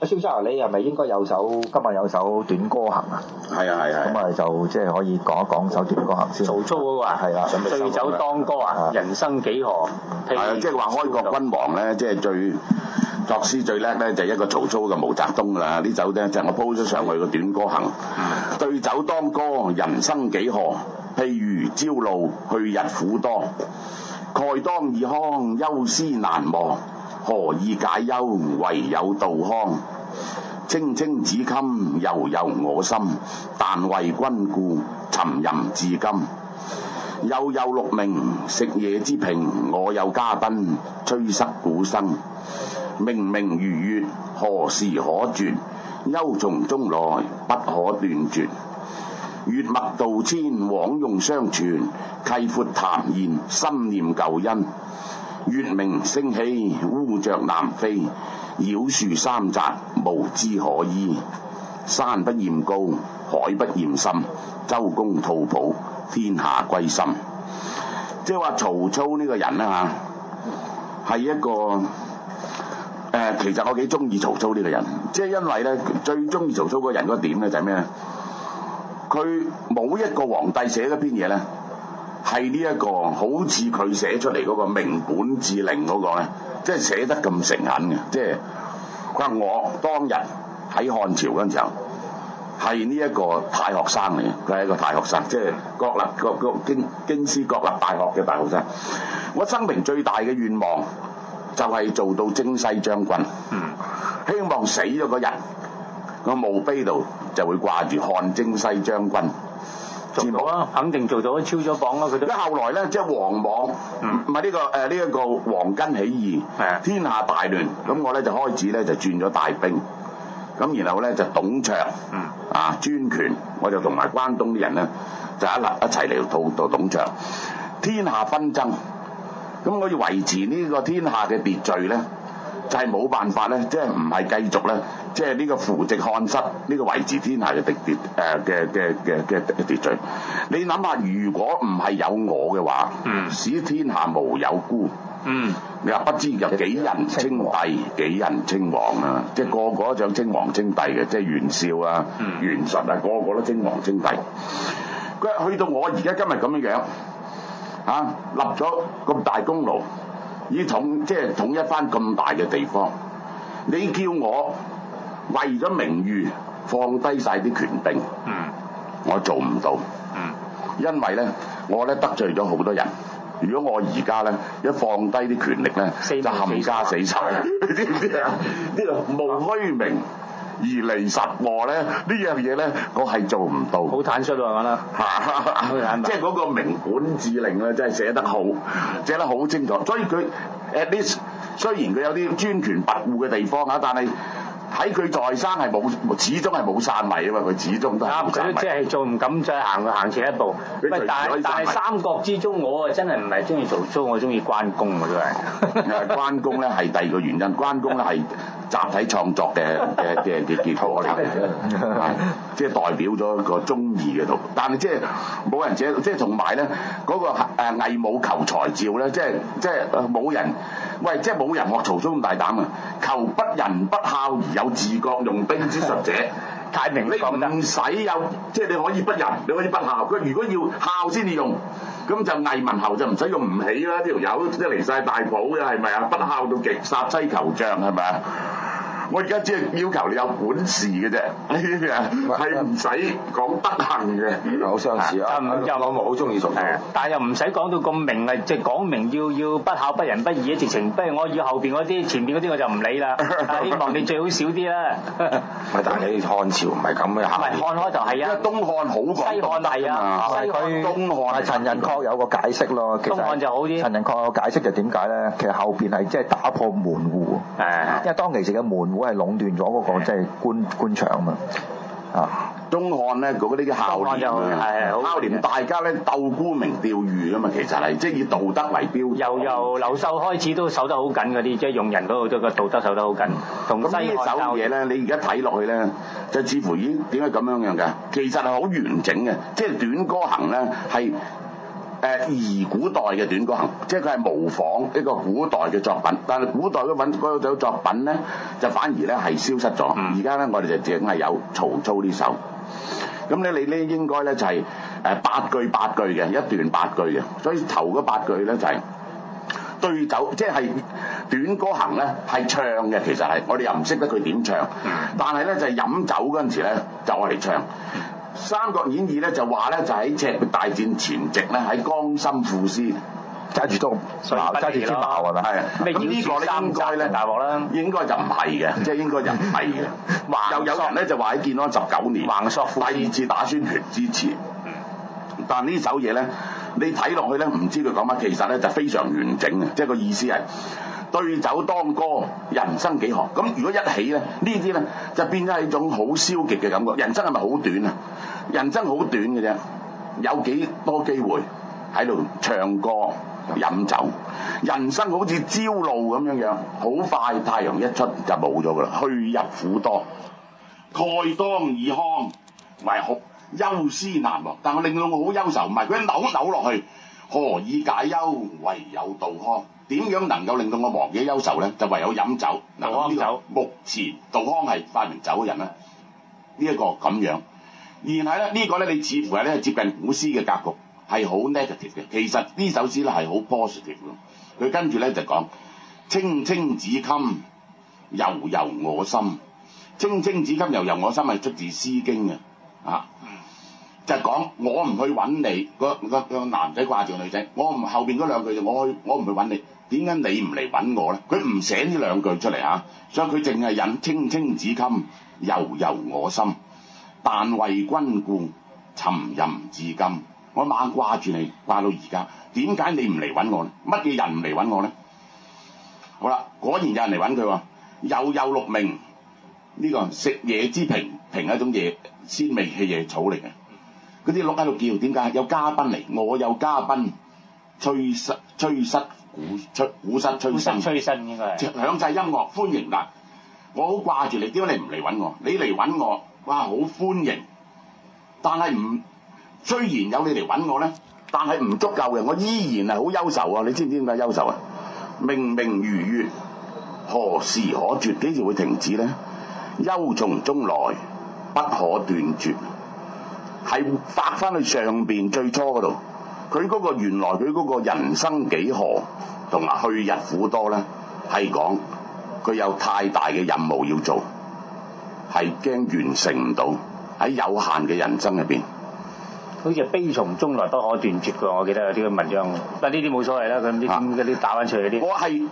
阿蕭生啊，你係咪應該有首今日有首《有首短歌行》啊？係啊係，咁咪、啊啊、就即係、就是、可以講一講首《短歌行》先。曹操嗰個啊，係啦、啊，準備對酒當歌啊，人生幾何？係啊，如即係話開國君王咧，嗯、即係最作詩最叻咧，就一個曹操嘅毛澤東啦。呢酒咧就是、我 po 咗上去個《短歌行》嗯，對酒當歌，人生幾何？譬如朝露，去日苦多。慨當以慷，憂思難忘。何以解憂，唯有杜康。青青子衿，悠悠我心。但為君故，沉吟至今。悠悠鹿鳴，食野之蘋。我有嘉賓，吹笙鼓聲。明明如月，何時可絕，憂從中來，不可斷絕。月陌道千，枉用相傳，契闊談言，心念舊恩。月明星稀，烏鵲南飛。繞樹三匝，無枝可依。山不厭高，海不厭深。周公吐哺，天下歸心。即係話曹操呢個人啦嚇，係一個誒，其實我幾中意曹操呢個人。即係因為咧，最中意曹操個人嗰點咧就係咩？佢冇一個皇帝寫嗰篇嘢咧。係呢一個，好似佢寫出嚟嗰個明本志令嗰個咧，即係寫得咁誠懇嘅。即係佢話我當日喺漢朝嗰陣時候，係呢一個太學生嚟嘅，佢係一個太學生，即係國立國國京京師國立大學嘅太學生。我生平最大嘅願望就係做到征西將軍。嗯，希望死咗個人，個墓碑度就會掛住漢征西將軍。前啊，肯定做到超咗榜啦！佢哋咁後來咧，即係王莽，唔係呢個誒呢一個黃巾起義，的天下大亂。咁我咧就開始咧就轉咗大兵，咁然後咧就董卓，嗯、啊專權，我就同埋關東啲人咧就一立一齊嚟討到，到董卓，天下紛爭。咁我要維持呢個天下嘅秩序咧。就係冇辦法咧，即係唔係繼續咧，即係呢個扶植漢室呢、呢個維持天下嘅迭迭誒嘅嘅嘅嘅嘅秩序。你諗下，如果唔係有我嘅話，嗯，使天下無有孤，嗯，你話不知有幾人稱帝幾人稱王，嗯、啊？嗯、即係個個都想稱王稱帝嘅，即係袁紹啊、袁術啊，個個都稱王稱帝。佢去到我而家今日咁樣，啊，立咗咁大，大，大，大，大功勞。要統即係統一翻咁大嘅地方，你叫我為咗名譽放低晒啲權柄，我做唔到，因為咧我咧得罪咗好多人。如果我而家咧一放低啲權力咧，死死就冚家死晒，你知唔知啊？呢個 無虛名。而嚟十和咧呢樣嘢咧，我係做唔到。好 坦率喎，啊，講得，即係嗰個明本志令咧，真係寫得好，寫得好清楚。所以佢誒呢，at least, 雖然佢有啲專權跋扈嘅地方啊，但係。喺佢在生係冇，始終係冇散位啊嘛！佢始終都係冇即係再唔敢再行，行前一步。唔但係三國之中，我啊真係唔係中意曹操，我中意關公啊都係。關公咧係第二個原因，關公咧係集體創作嘅嘅嘅嘅嘅結果嚟嘅，即係代表咗一個忠義嘅圖。但係即係冇人者，即係同埋咧嗰個誒魏武求才照咧，即係即係冇人。喂，即係冇人學曹操咁大膽啊！求不仁不孝而有自覺用兵之術者，大 明呢個唔使有，即係你可以不仁，你可以不孝。佢如果要孝先至用，咁就魏文侯就唔使用唔起啦！呢條友即係離晒大譜嘅係咪啊？不孝到極，殺妻求將係咪啊？是我而家只係要求你有本事嘅啫，呢啲嘢係唔使講得行嘅，好相似啊！但係唔有我好中意熟嘅，但係又唔使講到咁明啊！即係講明要要不孝不仁不義嘅，直情不如我以後邊嗰啲前邊嗰啲我就唔理啦。希望你最好少啲啦。咪但係漢朝唔係咁嘅行，漢開就係啊，東漢好過西漢係啊，東漢係陳寅恪有個解釋咯，東漢就好啲。陳寅恪個解釋就點解咧？其實後邊係即係打破門戶，因為當其時嘅門戶。都係壟斷咗嗰，那個即係、就是、官官場啊嘛啊！東漢咧嗰啲啲孝廉啊，孝廉大家咧鬥沽名釣譽啊嘛，其實係即係以道德為標準。由由劉秀開始都守得好緊嗰啲，即係用人嗰個都個道德守得好緊。嗯、同西漢受嘢咧，你而家睇落去咧，就似乎已經點解咁樣樣㗎？其實係好完整嘅，即係《短歌行》呢，咧係。誒，而古代嘅短歌行，即係佢係模仿一個古代嘅作品，但係古代嘅份嗰種作品咧，就反而咧係消失咗。而家咧，我哋就淨係有曹操呢首。咁咧，你咧應該咧就係誒八句八句嘅一段八句嘅。所以頭嗰八句咧就係對酒，即係短歌行咧係唱嘅，其實係，我哋又唔識得佢點唱，但係咧就係飲酒嗰陣時咧就係唱。《三國演義》咧就話咧就喺赤壁大戰前夕咧喺江心賦詩，揸住刀，揸住枝矛係咪啊？咁呢個咧應該咧戰應該就唔係嘅，即係 應該就唔係嘅。又索有人咧就話喺建安十九年第二次打孫權之前，嗯、但呢首嘢咧你睇落去咧唔知佢講乜，其實咧就非常完整嘅，即係個意思係。對酒當歌，人生幾何？咁如果一起咧，呢啲咧就變咗係一種好消極嘅感覺。人生係咪好短啊？人生好短嘅啫，有幾多機會喺度唱歌、飲酒？人生好似朝露咁樣樣，好快，太陽一出就冇咗噶啦。去日苦多，慨當以慷，唯好憂思難忘。但令我令到我好憂愁，唔係佢扭一扭落去，何以解憂？唯有杜康。點樣能夠令到我忘記憂愁咧？就唯有飲酒。嗱，呢個目前杜康係發明酒嘅人啦。呢、這、一個咁樣，然係咧呢個咧，你似乎係咧接近古詩嘅格局，係好 negative 嘅。其實呢首詩咧係好 positive。佢跟住咧就講：青青子衿，悠悠我心。青青子衿，悠悠我心係出自詩《詩經》嘅。啊。就係講我唔去揾你，嗰個個，嗰個男仔掛住嗰個女仔，我唔後邊嗰兩句我去，我唔去揾你。點解你唔嚟揾我咧？佢唔寫呢兩句出嚟嚇、啊，所以佢淨係引青青子衿，悠悠我心。但為君故，沉吟至今。我猛掛住你，掛到而家。點解你唔嚟揾我咧？乜嘢人唔嚟揾我咧？好啦，果然有人嚟揾佢喎。呦呦鹿鳴，呢、呢個食野之蘋，蘋係一種野鮮味嘅野草嚟嘅。嗰啲鹿喺度叫，點解？有嘉賓嚟，我有嘉賓，吹瑟吹瑟鼓吹鼓瑟吹，鼓瑟吹笙應該。響曬音樂，歡迎嗱！我好掛住你，點解你唔嚟揾我？你嚟揾我，哇，好歡迎！但係唔，雖然有你嚟揾我咧，但係唔足夠嘅，我依然係好憂愁啊！你知唔知點解憂愁啊？明明如月，何時可掇？幾時會停止咧？憂從中來，不可斷絕。係翻返去上邊最初嗰度，佢嗰個原來佢嗰個人生幾何同埋去日苦多咧，係講佢有太大嘅任務要做，係驚完成唔到喺有限嘅人生入邊，好似悲從中來不可斷絕㗎。我記得有啲咁文章，不過呢啲冇所謂啦，咁啲啲打翻出去嗰啲、啊，我係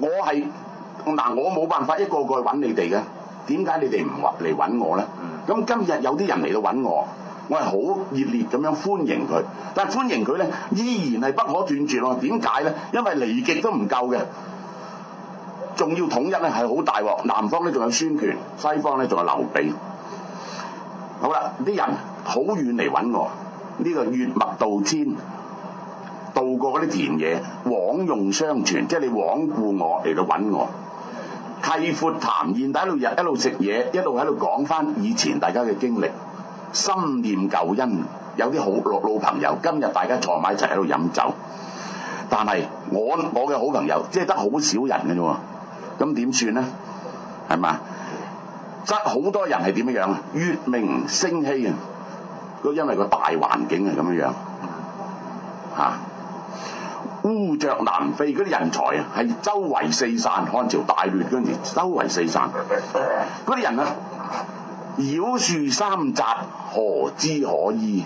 我係嗱，我冇辦法一個個揾你哋嘅，點解你哋唔嚟揾我咧？咁今日有啲人嚟到揾我，我係好熱烈咁樣歡迎佢。但係歡迎佢咧，依然係不可斷絕咯。點解咧？因為離極都唔夠嘅，仲要統一咧係好大鑊。南方咧仲有孫權，西方咧仲有劉備。好啦，啲人好遠嚟揾我，呢個越陌度阡，渡過嗰啲田野，枉用相傳，即係你枉顧我嚟到揾我。契闊談宴，打到日一路食嘢，一路喺度講翻以前大家嘅經歷，心念舊恩。有啲好老老朋友，今日大家坐埋一齊喺度飲酒，但係我我嘅好朋友，即係得好少人嘅啫喎，咁點算咧？係嘛？即好多人係點樣樣啊？月明星稀啊！都因為個大環境係咁樣樣，吓。烏鵲南飛嗰啲人才啊，係周圍四散，漢朝大亂跟住周圍四散，嗰啲人啊，繞樹三匝，何枝可依？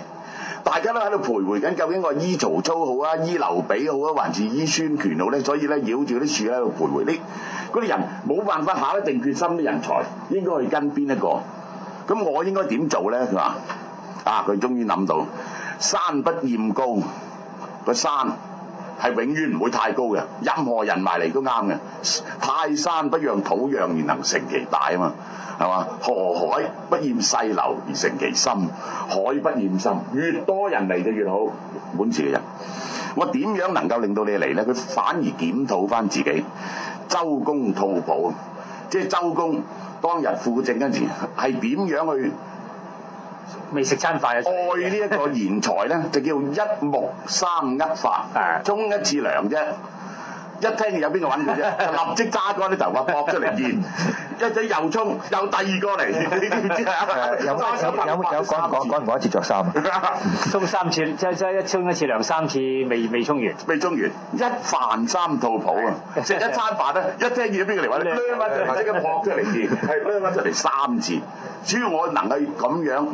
大家都喺度徘徊緊，究竟我依曹操好啊，依劉備好啊，還是依孫權好咧？所以咧繞住啲樹喺度徘徊，啲嗰啲人冇辦法下一定決心，啲人才應該去跟邊一個？咁我應該點做咧？佢話啊，佢終於諗到山不厭高，個山。係永遠唔會太高嘅，任何人埋嚟都啱嘅。泰山不讓土壤而能成其大啊嘛，係嘛？河海不厭細流而成其深，海不厭深，越多人嚟就越好。本事嘅人，我點樣能夠令到你嚟咧？佢反而檢討翻自己。周公吐哺，即係周公當日輔政嗰陣時，係點樣去？未食餐飯啊，愛呢一個賢才咧， 就叫一沐三握髮，發，沖一次涼啫。一聽見有邊個揾佢啫，立即揸嗰啲頭髮撲出嚟見，一仔又沖又第二個嚟，你知唔知啊？有有冇？講講唔講一次著衫啊？沖三次，即即一沖一次兩三次，未未沖完。未沖完，一飯三吐哺啊！即一餐飯咧，一聽見有邊個嚟揾你，攆一隻頭髮咁撲出嚟見，係攆一出嚟三次。只要我能夠咁樣，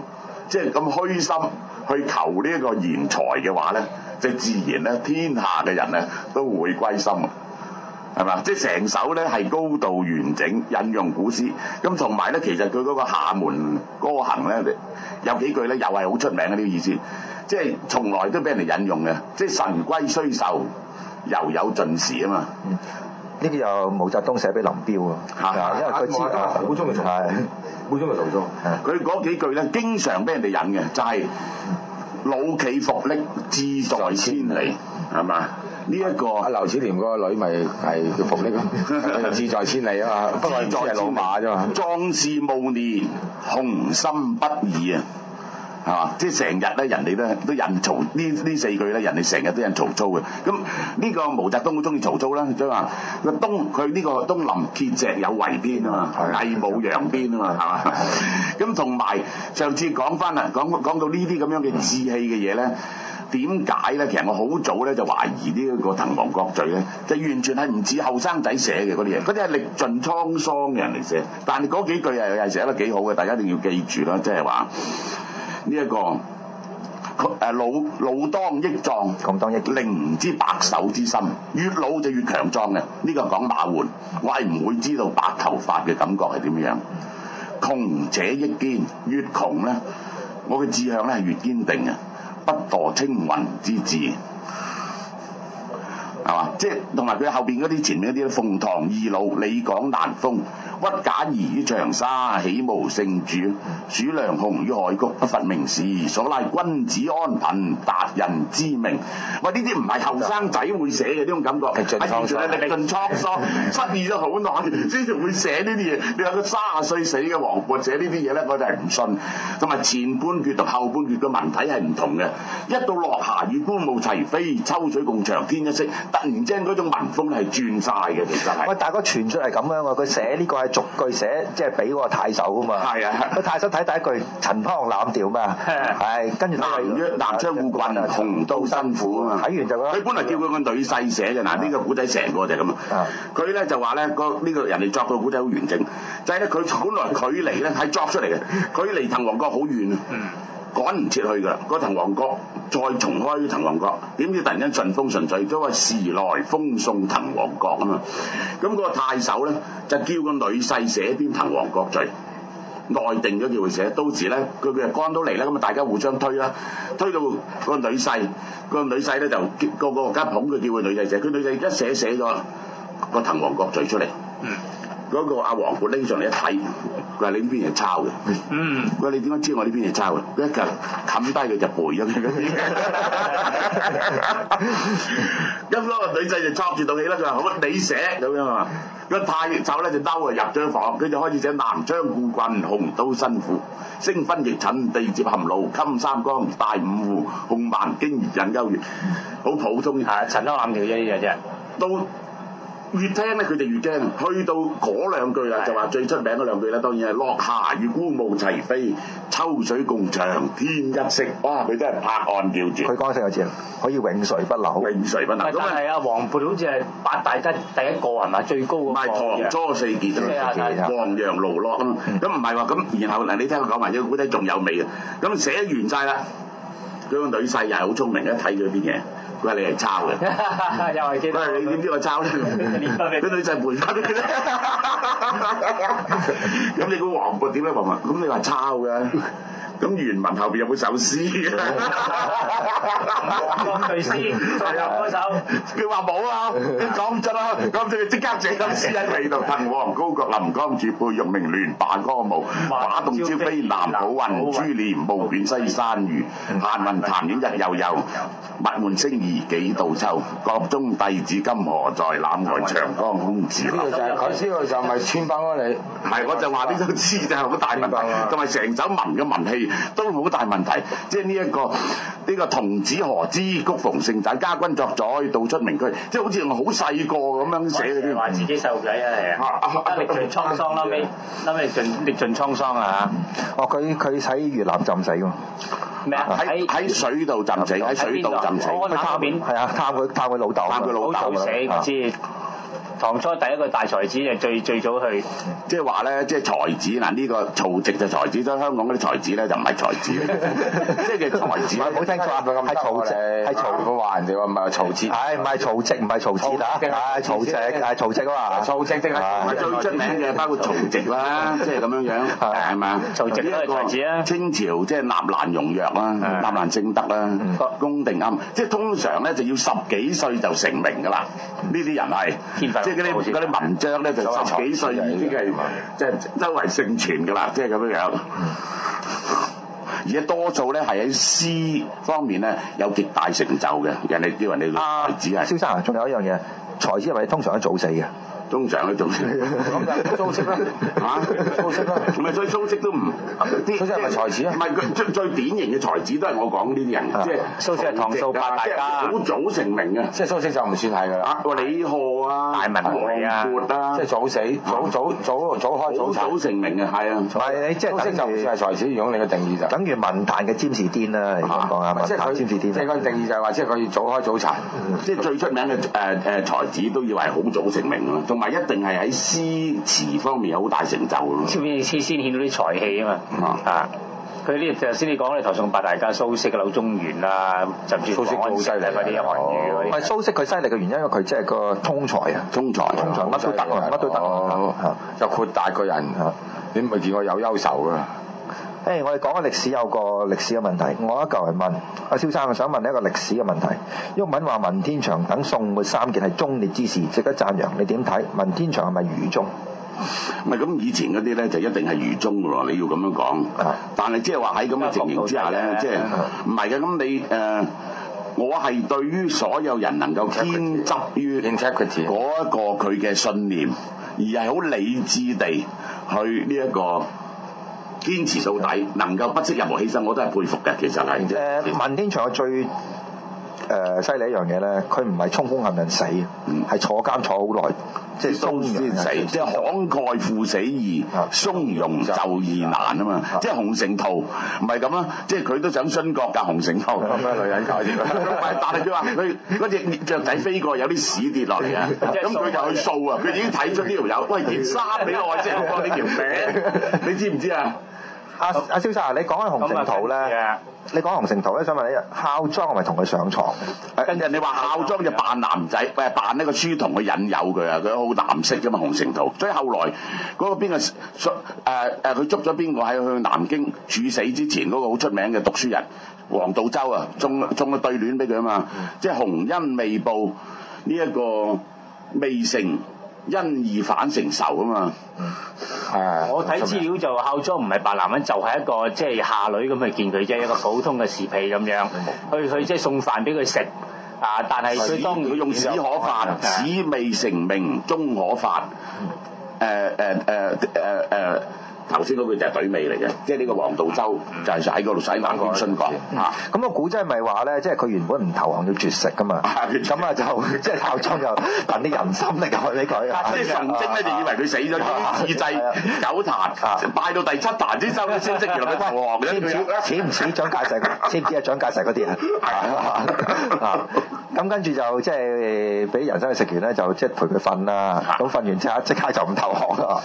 即係咁虛心去求呢一個賢才嘅話咧。即係自然咧，天下嘅人咧都會歸心啊，係嘛？即係成首咧係高度完整引用古詩，咁同埋咧其實佢嗰個《短歌行》咧有幾句咧又係好出名嘅呢個意思，即係從來都俾人哋引用嘅，即係神龜雖壽，猶有盡時啊嘛。嗯，呢句由毛澤東寫俾林彪啊，嚇，因為佢知啊，好鍾意做，係好鍾意做。佢嗰幾句咧經常俾人哋引嘅，就係。老驥伏櫪，志在千里，係嘛？呢吧一個啊，劉慈田個女咪係叫伏櫪咯，志 在千里啊嘛，不過係老馬啫嘛。壯士暮年，雄心不已啊！係嘛？即係成日咧，人哋咧都引曹呢呢四句咧，人哋成日都引曹操嘅。咁呢、這個毛澤東好中意曹操啦，即係話個東佢呢個東臨碣石有遺篇啊嘛，魏武揚鞭啊嘛，係嘛？咁同埋上次講返啦，講講到這這呢啲咁樣嘅志氣嘅嘢咧，點解咧？其實我好早咧就懷疑呢一個滕王閣序咧，就完全係唔似後生仔寫嘅嗰啲嘢。嗰啲係歷盡滄桑嘅人嚟寫。但係嗰幾句又又寫得幾好嘅，大家一定要記住啦，即係話。呢一，這個誒老老當益壯，老當益，令唔知白首之心，越老就越強壯嘅。呢、這個講馬援，我係唔會知道白頭髮嘅感覺係點樣。窮者益堅，越窮咧，我嘅志向咧係越堅定嘅，不墮青雲之志，係嘛？即係同埋佢後邊嗰啲，前面嗰啲，馮唐易老、李廣難封。屈賈誼於長沙，豈無聖主；鼠梁鴻於海曲，不伐名士。所賴君子安貧，達人知命，喂，呢啲唔係後生仔會寫嘅，呢種感覺。歷盡滄桑，失意咗好耐，先至會寫呢啲嘢。你話佢卅啊歲死嘅王勃寫呢啲嘢咧，我就係唔信。咁啊，前半闕同後半闕嘅文體係唔同嘅。一到落霞與孤鶩齊飛，秋水共長天一色，突然間嗰種文風係轉晒嘅，其實係。喂，大哥傳出嚟咁樣喎，佢寫呢個。係。逐句寫，即係俾個太守啊嘛。係啊！個、啊、太守睇第一句，陳腔濫調嘛。係、啊，啊、跟住佢係南昌故郡啊，洪都辛苦啊嘛。睇完就佢本來叫佢個女婿寫嘅。嗱，呢、啊、個古仔成個就係咁啊。佢咧就話咧呢、這個人哋作個古仔好完整，就係咧佢本來距離咧係作出嚟嘅，距離滕王閣好遠啊。嗯趕唔切去㗎，個滕王閣再重開滕王閣，點知突然間順風順水，都話時來風送滕王閣啊嘛，咁個太守咧就叫個女婿寫篇滕王閣序，內定咗叫佢寫，到時咧佢佢又趕到嚟啦，咁啊大家互相推啦，推到個女婿，個女婿咧就個個家捧佢叫佢女婿寫，佢女婿一寫寫咗個滕王閣序出嚟。嗰個阿黃僆拎上嚟一睇，佢話：你邊係抄嘅？嗯，佢話，你點解知我呢邊係抄嘅？一陣冚低佢就背咗佢。一攞個女仔就抄住到起啦，佢話：好，你寫咁樣啊？咁太極抄咧就嬲啊！入張房，佢就開始寫：南昌故郡洪都新府，星分翼軫地接衡廬，襟三江帶五湖，控蠻荊而引甌越。好普通嘅，陳香暗調啫，呢個啫都。越聽咧，佢就越驚。去到嗰兩句啊，的就話最出名嗰兩句啦，當然係落霞與孤鶩齊飛，秋水共長天一色。哇，佢真係拍案叫絕。佢講咗幾個字啊？可以永垂不朽。永垂不朽。咁啊不，係啊麼，王勃好似係八大則第一個係嘛？最高嘅。唔係唐初、初、啊、四傑，王、嗯、楊、嗯、盧、駱。咁唔係喎，咁然後嗱，你聽佢講埋，呢個古仔仲有味啊。咁寫完晒啦，佢個女婿又係好聰明嘅，睇佢啲嘢。餵你係抄嘅。又係，餵你點知我抄咧？啲女仔換翻佢啦，咁你個黃個點咧？黃文，咁你話抄嘅？咁原文後邊有冇首詩？佢話冇啊，嗰首叫畫啊，你講唔出啦。即刻寫首詩喺你度。滕王高閣臨江渚，佩玉鳴鸞罷歌舞，畫棟朝飛南浦雲，珠簾暮卷西山雨。閒雲潭影日悠悠，物換星移幾度秋。閣中帝子今何在？檻外長江空自流。呢度就係，我知佢就唔係穿幫啦。你係，我就話呢首詩就係好大問題，同埋成首文嘅文氣。都好大問題，即係呢一個呢、呢個童子何知，谷逢盛仔，家君作宰，道出名區，即係好似好細個咁樣寫嗰啲。話自己細路仔啊，係啊，歷盡滄桑啦，尾啦尾盡歷盡滄桑啊！哦，佢佢喺越南浸死喎。咩啊麼？喺喺水度浸死，喺水度浸死，我啊，貪佢貪佢老豆，貪佢老豆啦。唐初第一個大才子就最最早去，即係話咧，即係才子嗱呢個曹植就才子，咁香港嗰啲才子咧就唔係才子，即係其實都唔係唔好聽錯，係曹植，係曹，話人唔係曹植，係唔係曹植，唔係曹植曹植，係曹植啊曹植啊，最出名嘅包括曹植啦，即係咁樣樣，係咪啊？曹植都係才子啊！清朝即係納蘭容若啦，納蘭性德啦，龔定庵，即係通常咧就要十幾歲就成名㗎啦，呢啲人係。嗰啲啲文章咧就十幾歲人，已經係即係周圍盛傳嘅啦，即係咁樣樣。 而家多數咧係喺詩方面咧有極大成就嘅人哋叫人哋才子啊。蕭是生啊，仲有一樣嘢，才子係咪通常都早死嘅？.通常都中，蘇軾啦嚇，蘇軾啦，唔係，所以蘇軾都唔，蘇軾係咪才子啊？唔係最最典型嘅才子都係我講呢啲人，即係蘇軾係唐宋八大家，好早成名嘅，即係蘇軾就唔算係㗎啦。啊，李賀啊，大文豪啊，即係早死，早早早早開早茶，早成名嘅係啊，唔係你即係蘇軾就唔算係才子，如果你嘅定義就等於文壇嘅占士甸啦，你講啊，文壇嘅占士甸，即係嗰個定義就係話即係佢要早開早茶，即係最出名嘅誒誒才子都以為好早成名唔係一定係喺詩詞方面有好大成就嘅。先先顯到啲才氣啊嘛。嗯、啊，佢呢就先你講你唐宋八大家蘇軾嘅柳宗元啊，就唔知韓愈啊嗰啲。唔係蘇軾佢犀利嘅原因，因為佢即係個通才，才，通才啊。通才。通才乜都得，乜、啊啊、都得。就擴大個人。嚇、啊。你唔係見我有憂愁㗎？誒，hey, 我哋講個歷史有個歷史嘅問題。我一嚿人問阿蕭生，我想問一個歷史嘅問題。鬱文話文天祥等宋末三傑係忠烈之士，值得讚揚。你點睇？文天祥係咪愚忠？唔係咁，以前嗰啲咧就一定係愚忠嘅喎。你要咁樣講。啊！但係即係話喺咁嘅情形之下咧，即係唔係嘅咁你誒？Uh, 我係對於所有人能夠堅執於嗰一個佢嘅信念，而係好理智地去呢、這、一個。堅持到底，能夠不惜任何犧牲，我都係佩服嘅。其實係誒，呃、其實文天祥係最。誒犀利一樣嘢咧，佢唔係衝鋒陷人死，係坐監坐好耐，即係松先死，死即係慷慨赴死易，啊、從容就義難啊嘛，即係洪承疇唔係咁啦，即係佢都想殉國㗎，洪承疇。咁啊，女人搞嘢， 但係佢話佢嗰隻雀仔飛過，有啲屎跌落嚟啊，咁佢 就去掃啊，佢已經睇出呢條友喂件衫幾耐先攞呢條命，條 你知唔知啊？阿阿蕭生啊，你講緊洪承疇咧，就是、你講洪承疇咧，想問你，孝莊係咪同佢上牀？跟住你話孝莊就扮男仔，誒扮呢個書童佢引誘佢啊，佢好男色嘅嘛，洪承疇。所以後來嗰個邊個誒佢捉咗邊個喺去南京處死之前嗰、那個好出名嘅讀書人黃道周啊，中種個對聯俾佢啊嘛，即係洪恩未報呢一、這個未成。因而反成仇 啊嘛！我睇資料就孝莊唔係白男人，就係、是、一個即係下女咁去見佢啫，一個普通嘅侍婢咁樣，去去即係送飯俾佢食啊！但係佢當然佢用史可法，史未成名終可法。誒誒誒誒誒。啊啊啊啊啊頭先嗰句就係對尾嚟嘅，即係呢個黃道周就係喺嗰度洗碗。點信講？咁個古仔咪話咧，即係佢原本唔投降要絕食噶嘛。咁啊就即係孝莊就憑啲人心力去俾佢。即係神經咧就以為佢死咗，堅持賜祭九壇，拜到第七壇先收嘅消息，原來佢投降嘅。似唔似蔣介石？知唔知啊蔣介石嗰啲啊？咁跟住就即係俾人生去食完咧，就即係陪佢瞓啦。咁瞓完之後即刻就唔投降啦。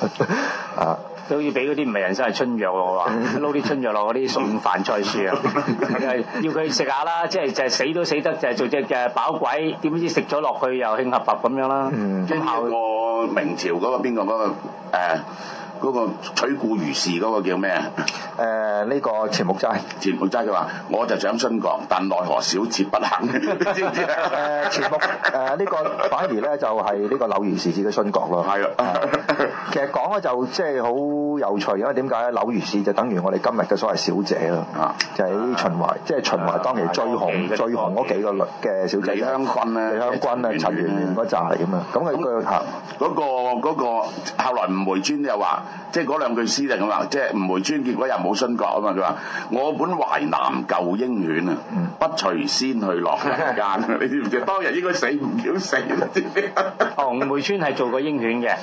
啊！都要俾。啲唔係人生係春藥。我話撈啲春藥落嗰啲送飯菜書啊， 要佢食下啦，即係就係、死都死得，就係、做隻嘅飽鬼，點知食咗落去又興合合咁樣啦。嗯 樣，咁考過明朝嗰、嗰個邊個嗰、嗰個 呃嗰個取故如是嗰個叫咩？誒呢個錢木齋。錢木齋佢話：我就想殉國，但奈何小妾不肯，知唔知啊？誒錢木誒呢個反而咧就係呢個柳如是嘅殉國咯。係咯。其實講咧就即係好有趣，因為點解咧？柳如是就等於我哋今日嘅所謂小姐啦，就喺秦淮，即係秦淮當年最紅最紅嗰幾個女嘅小姐。李香君咧，李香君咧，陳圓圓嗰紮係咁樣！咁佢嚇嗰個嗰個後來吳梅村又話。即係嗰兩句詩就咁話，即係吳梅村結果又冇殉國啊嘛！佢話我本淮南舊英犬啊，嗯、不隨先去落人間，你知唔知？當日應該死唔曉死啦！啲、哦、梅村係做過英犬嘅，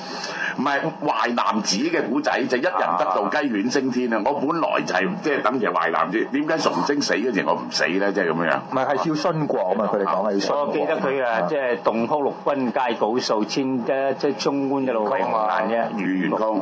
唔係淮南子嘅古仔就是、一人得道雞犬升天啊。我本來就係即係等住淮南子，點解崇禎死嗰陣我唔死咧？即係咁樣。唔係係叫殉國啊嘛！佢哋講係殉國。我記得佢、就是、啊，即係洞窟六軍界古數，千一即中官嘅老萬嘅羽元公。